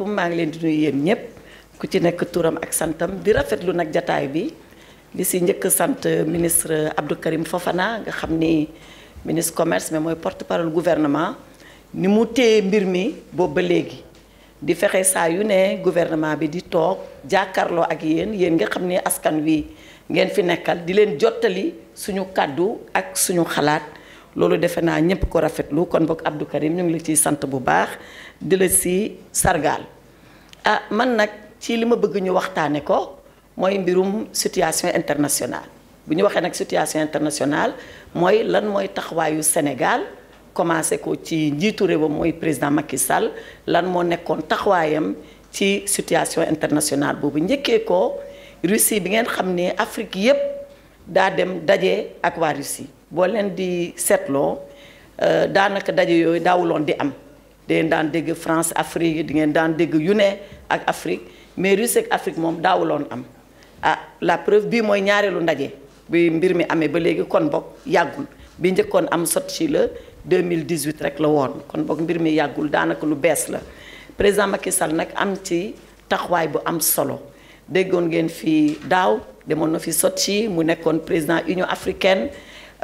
asalaamaaleykum maa ngi leen di nuyu yéen ñëpp ku ci nekk turam ak santam di rafetlu nag jataay bi li si njëkk sant ministre Abdou Karim Fofana nga xam ni ministre commerce mais mooy porte paral gouvernement ni mu téye mbir mi boobu ba léegi di fexe saa yu ne gouvernement bi di toog jàkkaarloo ak yéen yéen nga xam ni askan wi ngeen fi nekkal di leen jottali suñu kàddu ak suñu xalaat loolu defe naa ñëpp ko rafetlu kon bokk Abdou Karim ñu ngi la ci sant bu baax di la si sargaal ah man nag ci li ma bëgg ñu waxtaane ko mooy mbirum situation internationale bu ñu waxee nag situation internationale mooy lan mooy taxawaayu Sénégal commencé ko ci njiitu réewam mooy président Macky Sall lan moo nekkoon taxawaayam ci situation internationale boobu njëkkee ko Russie bi ngeen xam ne Afrique yépp daa dem daje ak waa Russie boo leen di seetloo euh, daanaka daje yooyu daawuloon di am di ngeen daan dégg France Afrique di ngeen daan dégg yu ne ak Afrique mais Russie ak Afrique moom daawuloon am ah la preuve bii mooy ñaareelu ndaje bi mbir mi amee ba léegi kon boog yàggul bi njëkkoon am Sotchi la 2018 rek la woon kon boog mbir mi yàggul daanaka lu bees la président Macky Sall nag am ci taxawaay bu am solo déggoon ngeen fii daaw demoon na fi Sotchi mu nekkoon président Union africaine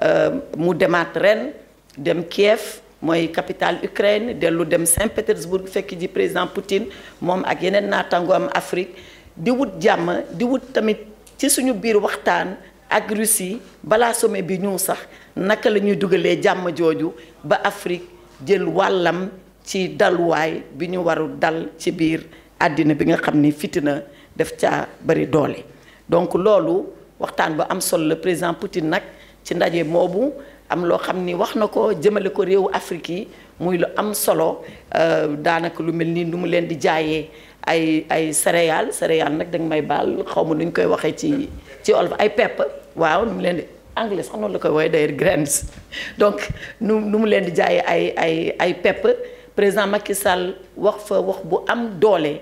euh, mu demaat ren dem Kiev. mooy capitale Ukraine dellu dem Saint-Pétersbourg fekk ji président Poutine moom ak yeneen naataangoom Afrique di wut jàmm di wut tamit ci suñu biir waxtaan ak Russie balaa sommet bi ñu sax naka lañuy dugalee jàmm jooju ba Afrique jël wàllam ci dalwaay bi ñu warul dal ci biir àddina bi nga xam ni fitina def caa bari doole donc loolu waxtaan bu am solo la président Poutine nag ci ndaje moobu am loo xam ni wax na ko jëmale ko réewu Afrique yi muy lu am solo euh, daanaka lu mel nii nu mu leen di jaayee ay ay céréales céréales nag da nga may baal xaw ma nuñ koy waxee ci ci olof ay pepp waaw nu mu leen di anglais sax koy wooye d'ailleurs grains donc nu mu leen di jaayee ay ay ay pepp président Macky Sall wax fa wax bu am doole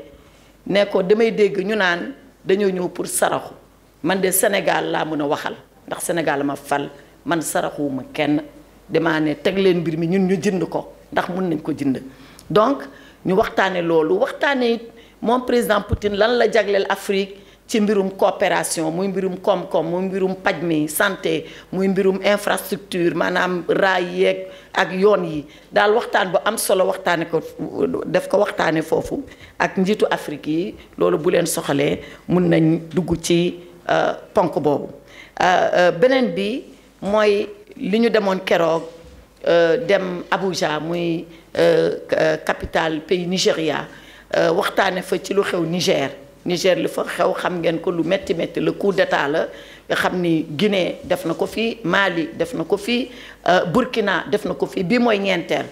ne ko damay dégg ñu naan dañoo ñëw pour saraxu man de Sénégal laa mën a waxal ndax Sénégal ma fal man saraxuwuma kenn damaa teg leen mbir mi ñun ñu jënd ko ndax mun nañ ko jënd donc ñu waxtaane loolu waxtaane moom président Poutine lan la jagleel Afrique ci mbirum coopération muy mbirum koom-koom muy mbirum paj mi santé muy mbirum infrastructure maanaam raay yeeg ak yoon yi daal waxtaan bu am solo waxtaane ko def ko waxtaane foofu ak njiitu Afrique yi loolu bu leen soxalee mun nañ dugg ci euh, ponk boobu euh, euh, beneen bi mooy li ñu demoon keroog euh, dem Abuja muy euh, euh, capitale pays Nigéria waxtaane fa ci lu xew Niger Niger li fa xew xam ngeen ko lu métti métti le coup d'état la nga xam ni Guinée def na ko fii Mali def na ko fii Burkina def na ko fii bii mooy ñeenteel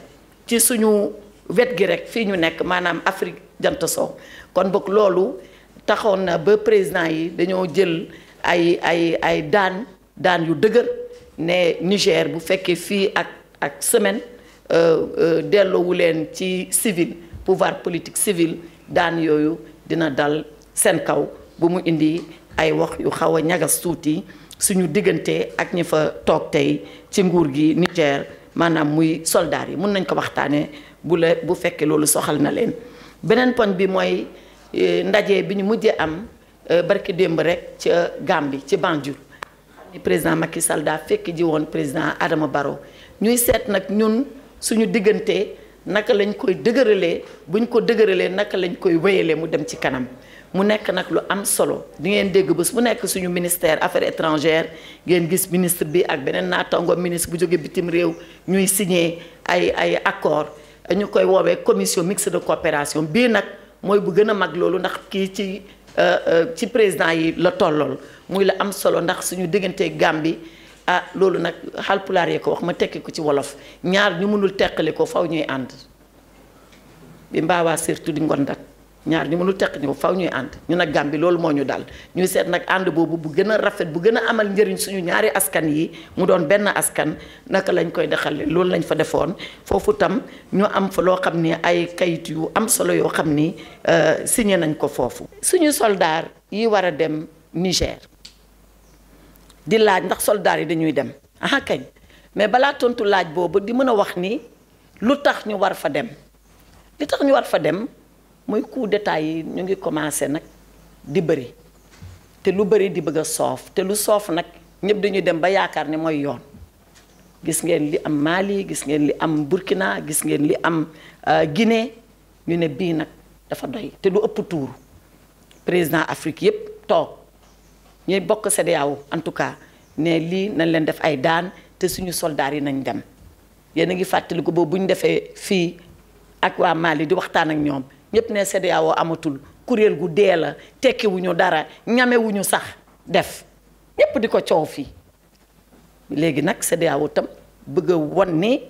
ci suñu wet gi rek fii ñu nekk maanaam Afrique jant sow kon boog loolu taxoon na ba président yi dañoo jël ay ay ay daan daan yu dëgër ne Niger bu fekkee fii ak ak semaine euh, euh, delloowu leen ci civil pouvoir politique civil daan yooyu dina dal seen kaw bu mu indi ay wax yu xaw a ñagas tuuti suñu diggante ak ñi fa toog tey ci nguur gi Niger maanaam muy soldaar yi mun nañ ko waxtaanee bu la bu fekkee loolu soxal na leen beneen poñ bi mooy euh, ndaje bi ñu mujjee am barki démb rek ca Gambie ci Banjul ni président Macky Sall daa fekk ji woon président Adama baro ñuy seet nag ñun suñu diggante naka lañ koy dëgëralee buñ ko dëgëralee naka lañ koy wéyalee mu dem ci kanam mu nekk nag lu am solo di ngeen dégg su mu nekk suñu ministère affaire étrangères ngeen gis ministre bi ak beneen naatango ministre bu jóge bitim réew ñuy signé ay ay accord ñu koy woowee commission mixte de coopération bii nag mooy bu gën a mag loolu ndax kii ci Euh, euh, ci président yi la tollool muy la am solo ndax suñu diggante bi ah loolu nag Haalpulaar yee ko wax ma tekki ko ci wolof ñaar ñu mënul teqali ko faw ñuy ànd bi mbaawaa surtout di ngondat ñaar ñu mënul teq ñu faw ñuy ànd ñu nag Gàmbi loolu moo ñu dal ñuy seet nag ànd boobu bu gën a rafet bu gën a amal njëriñ suñu ñaari askan yi mu doon benn askan naka lañ koy dexale loolu lañ fa defoon foofu tam ñu am fa loo xam ni ay kayit yu am solo yoo xam ni euh, signé nañ ko foofu suñu soldaar yi war a dem Niger di laaj ndax soldaar yi dañuy dem ah kañ mais balaa tontu laaj boobu di mën a wax ni lu tax ñu war fa dem li tax ñu war fa dem muy coup d'état yi ñu ngi commencé nag di bëri te lu bëri di bëgg a soof te lu soof nag ñëpp dañuy dem ba yaakaar ne mooy yoon gis ngeen li am Mali gis ngeen li am Burkina gis ngeen li am euh, Guinée ñu ne bii nag dafa doy te du ëpp tuuru président Afrique yépp toog ñuy bokk CEDEAO en tout cas ne lii nañ leen def ay daan te suñu soldaar yi nañ dem yéen a ngi fàttaliku boobu bu ñu defee fii ak waa Mali di waxtaan ak ñoom ñëpp ne CEDEAO amatul kuréel gu dee la tekkiwuñu dara ñamewuñu sax def ñëpp di ko coow fii léegi nag CEDEAO tam bëgg a won ne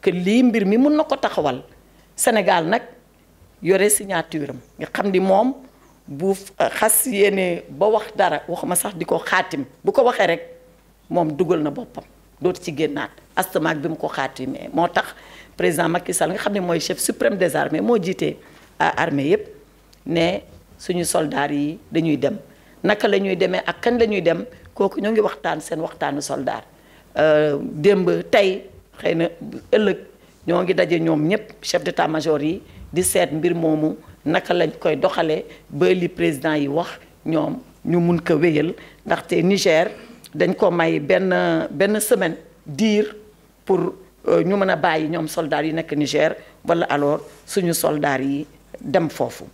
que lii mbir mi mun na ko taxawal Sénégal nag yore signature am nga xam ni moom bu xas yéene ba wax dara wax ma sax di ko xaatim bu ko waxee rek moom dugal na boppam dootu ci génnaat astamaak bi mu ko xaatimee moo tax président Macky Sall nga xam ne mooy chef suprême des armées moo jiitee à armée yëpp ne suñu soldats yi dañuy dem naka la ñuy demee ak kañ la ñuy dem kooku ñoo ngi waxtaan seen waxtaanu soldat euh, démb tey xëy na ëllëg ñoo ngi daje ñoom ñëpp chef d'état-major yi di seet mbir moomu naka lañ koy doxalee ba li président yi wax ñoom ñu mun ko wéyal ndaxte Niger dañ ko may benn benn semaine diir pour euh, ñu mën a bàyyi ñoom soldats yi nekk Niger wala alors suñu soldats yi dem foofu